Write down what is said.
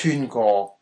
穿過。